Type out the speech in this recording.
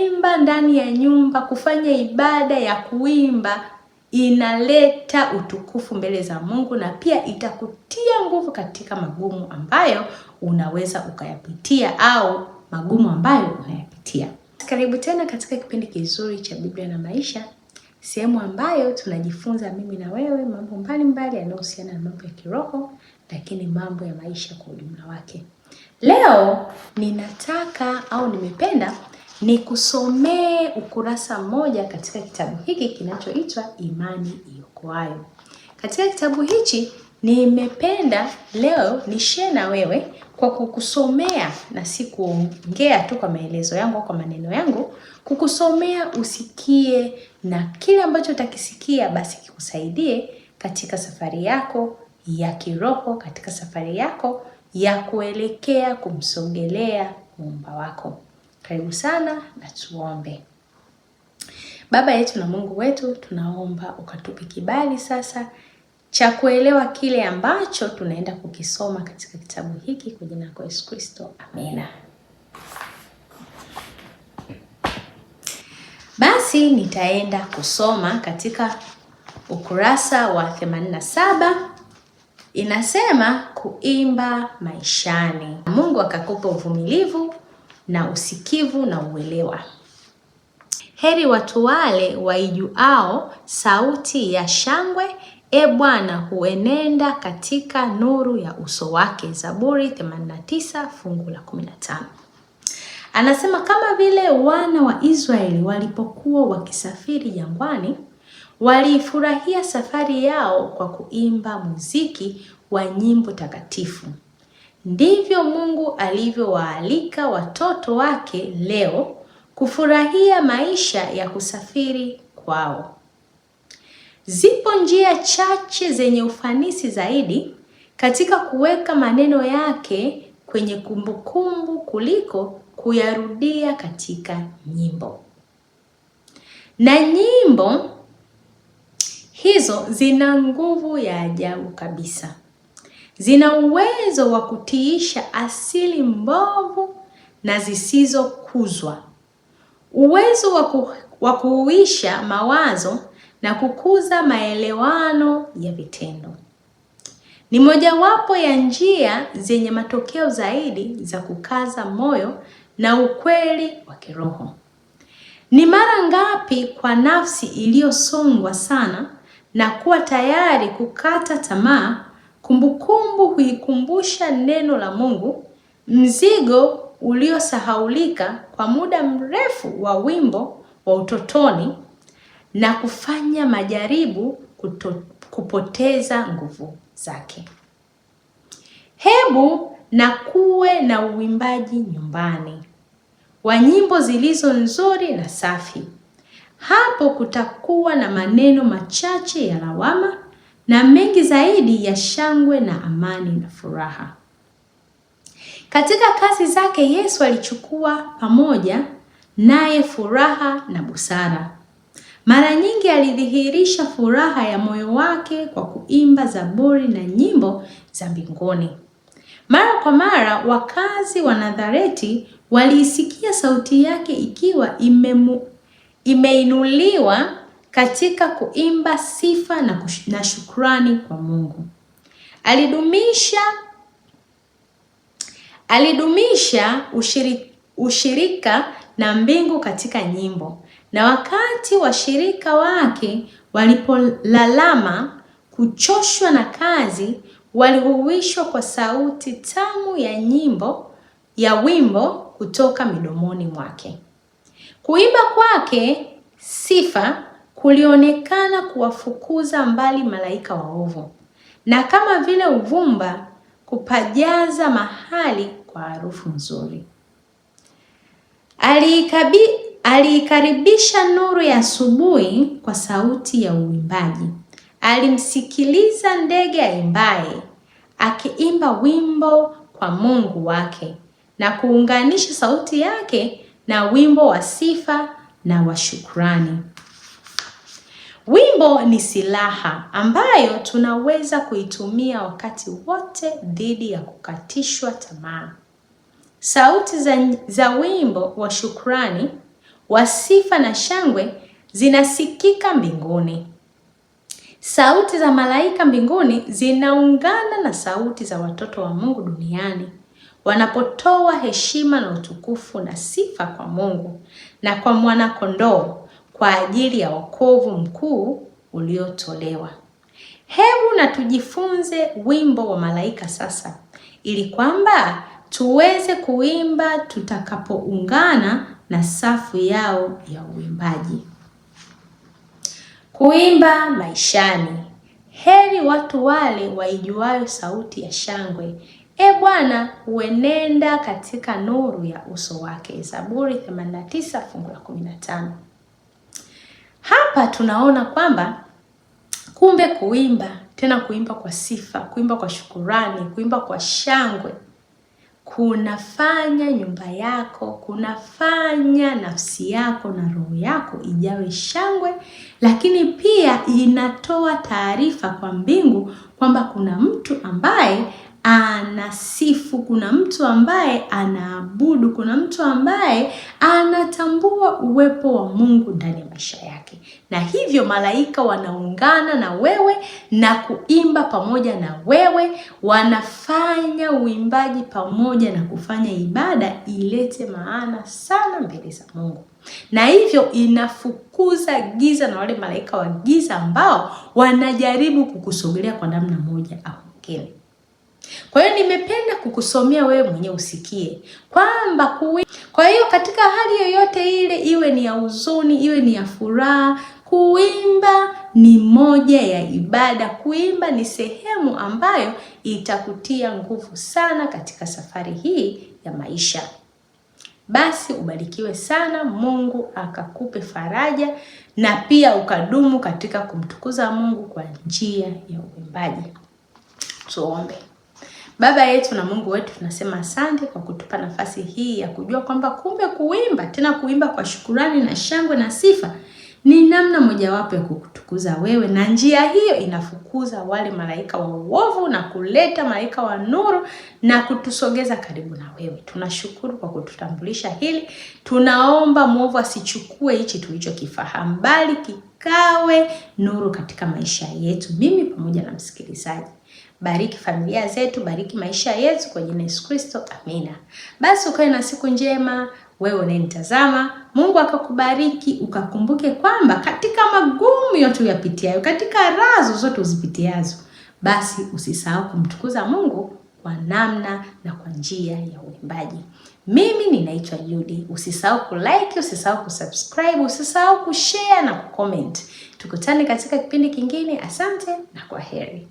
Kuimba ndani ya nyumba, kufanya ibada ya kuimba inaleta utukufu mbele za Mungu na pia itakutia nguvu katika magumu ambayo unaweza ukayapitia au magumu ambayo unayapitia. Karibu tena katika kipindi kizuri cha Biblia na Maisha, sehemu ambayo tunajifunza mimi na wewe mambo mbalimbali yanayohusiana na mambo ya kiroho, lakini mambo ya maisha kwa ujumla wake. Leo ninataka au nimependa Nikusomee ukurasa mmoja katika kitabu hiki kinachoitwa Imani Iokoayo. Katika kitabu hichi nimependa leo nishare na wewe kwa kukusomea na si kuongea tu kwa maelezo yangu au kwa maneno yangu, kukusomea usikie, na kile ambacho utakisikia basi kikusaidie katika safari yako ya kiroho, katika safari yako ya kuelekea kumsogelea muumba wako. Karibu sana na tuombe. Baba yetu na Mungu wetu, tunaomba ukatupe kibali sasa cha kuelewa kile ambacho tunaenda kukisoma katika kitabu hiki kwa jina la Yesu Kristo. Amina. Basi nitaenda kusoma katika ukurasa wa 87 inasema kuimba maishani. Mungu akakupa uvumilivu na usikivu na uelewa. Heri watu wale waijuao sauti ya shangwe, e Bwana huenenda katika nuru ya uso wake. Zaburi 89 fungu la 15. Anasema kama vile wana wa Israeli walipokuwa wakisafiri jangwani, waliifurahia safari yao kwa kuimba muziki wa nyimbo takatifu. Ndivyo Mungu alivyowaalika watoto wake leo kufurahia maisha ya kusafiri kwao. Zipo njia chache zenye ufanisi zaidi katika kuweka maneno yake kwenye kumbukumbu kuliko kuyarudia katika nyimbo. Na nyimbo hizo zina nguvu ya ajabu kabisa zina uwezo wa kutiisha asili mbovu na zisizokuzwa, uwezo wa waku, kuuisha mawazo na kukuza maelewano ya vitendo. Ni mojawapo ya njia zenye matokeo zaidi za kukaza moyo na ukweli wa kiroho. Ni mara ngapi kwa nafsi iliyosongwa sana na kuwa tayari kukata tamaa Kumbukumbu huikumbusha neno la Mungu, mzigo uliosahaulika kwa muda mrefu wa wimbo wa utotoni, na kufanya majaribu kuto, kupoteza nguvu zake. Hebu na kuwe na uimbaji nyumbani wa nyimbo zilizo nzuri na safi. Hapo kutakuwa na maneno machache ya lawama na mengi zaidi ya shangwe na amani na furaha. Katika kazi zake Yesu alichukua pamoja naye furaha na busara. Mara nyingi alidhihirisha furaha ya moyo wake kwa kuimba zaburi na nyimbo za mbinguni. Mara kwa mara wakazi wa Nazareti waliisikia sauti yake ikiwa imemu, imeinuliwa katika kuimba sifa na, na shukrani kwa Mungu. Alidumisha, alidumisha ushirika, ushirika na mbingu katika nyimbo, na wakati washirika wake walipolalama kuchoshwa na kazi, walihuwishwa kwa sauti tamu ya nyimbo ya wimbo kutoka midomoni mwake. Kuimba kwake sifa kulionekana kuwafukuza mbali malaika waovu, na kama vile uvumba kupajaza mahali kwa harufu nzuri. Aliikabi, aliikaribisha nuru ya asubuhi kwa sauti ya uimbaji. Alimsikiliza ndege aimbaye akiimba wimbo kwa Mungu wake na kuunganisha sauti yake na wimbo wa sifa na wa shukrani. Wimbo ni silaha ambayo tunaweza kuitumia wakati wote dhidi ya kukatishwa tamaa. Sauti za, za wimbo wa shukrani, wa sifa na shangwe zinasikika mbinguni. Sauti za malaika mbinguni zinaungana na sauti za watoto wa Mungu duniani wanapotoa heshima na utukufu na sifa kwa Mungu na kwa mwana kondoo kwa ajili ya wokovu mkuu uliotolewa. Hebu na tujifunze wimbo wa malaika sasa, ili kwamba tuweze kuimba tutakapoungana na safu yao ya uimbaji. Kuimba maishani. Heri watu wale waijuayo sauti ya shangwe, e Bwana, uenenda katika nuru ya uso wake. Zaburi 89 fungu la 15. Hapa tunaona kwamba kumbe kuimba tena kuimba kwa sifa, kuimba kwa shukurani, kuimba kwa shangwe kunafanya nyumba yako, kunafanya nafsi yako na roho yako ijawe shangwe, lakini pia inatoa taarifa kwa mbingu kwamba kuna mtu ambaye anasifu, kuna mtu ambaye anaabudu, kuna mtu ambaye anatambua uwepo wa Mungu ndani ya maisha yake, na hivyo malaika wanaungana na wewe na kuimba pamoja na wewe, wanafanya uimbaji pamoja na kufanya ibada ilete maana sana mbele za Mungu, na hivyo inafukuza giza na wale malaika wa giza ambao wanajaribu kukusogelea kwa namna moja au nyingine. Kwa hiyo nimependa kukusomea wewe mwenye usikie kwamba kuwi. Kwa hiyo katika hali yoyote ile, iwe ni ya huzuni, iwe ni ya furaha, kuimba ni moja ya ibada. Kuimba ni sehemu ambayo itakutia nguvu sana katika safari hii ya maisha. Basi ubarikiwe sana, Mungu akakupe faraja na pia ukadumu katika kumtukuza Mungu kwa njia ya uimbaji. Tuombe. Baba yetu na Mungu wetu, tunasema asante kwa kutupa nafasi hii ya kujua kwamba kumbe kuimba, tena kuimba kwa shukurani na shangwe na sifa ni namna mojawapo ya kukutukuza wewe, na njia hiyo inafukuza wale malaika wa uovu na kuleta malaika wa nuru na kutusogeza karibu na wewe. Tunashukuru kwa kututambulisha hili. Tunaomba mwovu asichukue hichi tulichokifahamu, bali ikawe nuru katika maisha yetu, mimi pamoja na msikilizaji. Bariki familia zetu, bariki maisha yetu kwa jina Yesu Kristo, amina. Basi ukawe na siku njema wewe unayenitazama, Mungu akakubariki, ukakumbuke kwamba katika magumu yote uyapitiayo, katika raha zozote uzipitiazo, basi usisahau kumtukuza Mungu kwa namna na kwa njia ya uimbaji. Mimi ninaitwa Judy. Usisahau kulike, usisahau kusubscribe, usisahau kushare na kucomment. Tukutane katika kipindi kingine. Asante na kwa heri.